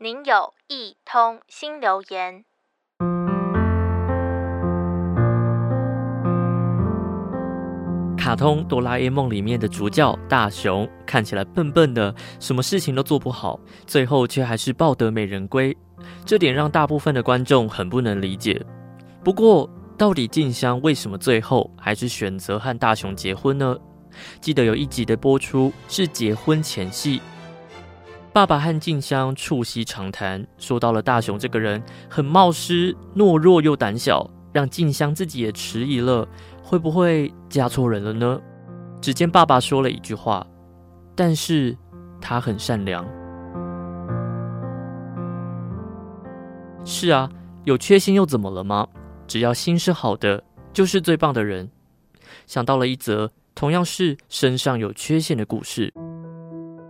您有一通新留言。卡通《哆啦 A 夢》裡面的主角大雄看起來笨笨的，什麼事情都做不好，最後卻還是抱得美人歸，這點讓大部分的觀眾很不能理解。不過，到底靜香為什麼最後還是選擇和大雄結婚呢？記得有一集的播出是結婚前夕。爸爸和靜香促膝長談，說到了大雄這個人很冒失、懦弱又膽小，讓靜香自己也遲疑了，會不會嫁錯人了呢？只見爸爸說了一句話：“但是他很善良。”是啊，有缺陷又怎麼了嗎？只要心是好的，就是最棒的人。想到了一則同樣是身上有缺陷的故事。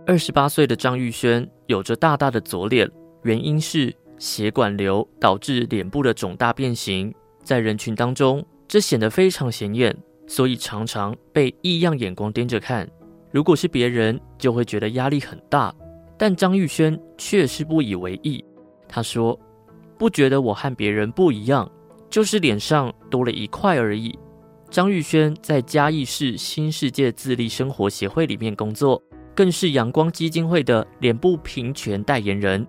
二十八歲的張玉軒有着大大的左臉，原因是血管瘤導致臉部的腫大變形，在人群當中這顯得非常顯眼，所以常常被異樣眼光盯着看。如果是別人，就會覺得壓力很大，但張玉軒卻是不以為意。他說：“不覺得我和別人不一樣，就是臉上多了一塊而已。”張玉軒在嘉義市新世界自立生活協會裡面工作。更是陽光基金會的臉部平權代言人。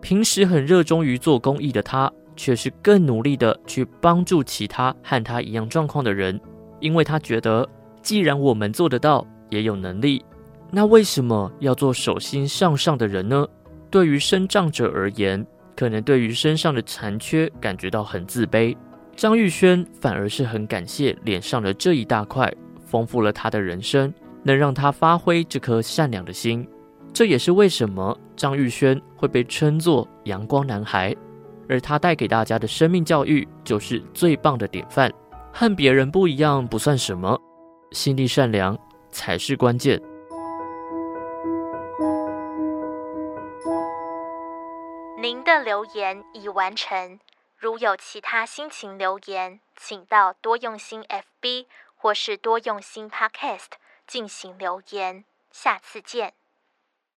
平時很熱衷於做公益的他，卻是更努力的去幫助其他和他一樣狀況的人，因為他覺得，既然我們做得到，也有能力，那為什麼要做手心向上上的人呢？對於身障者而言，可能對於身上的殘缺感覺到很自卑。張玉軒反而是很感謝臉上的這一大塊，豐富了他的人生。能讓他發揮這顆善良的心，這也是為什麼張玉軒會被稱作陽光男孩，而他帶給大家的生命教育就是最棒的典範。和別人不一樣不算什麼，心地善良才是關鍵。您的留言已完成，如有其他心情留言，請到多用心 FB 或是多用心 Podcast。進行留言，下次見。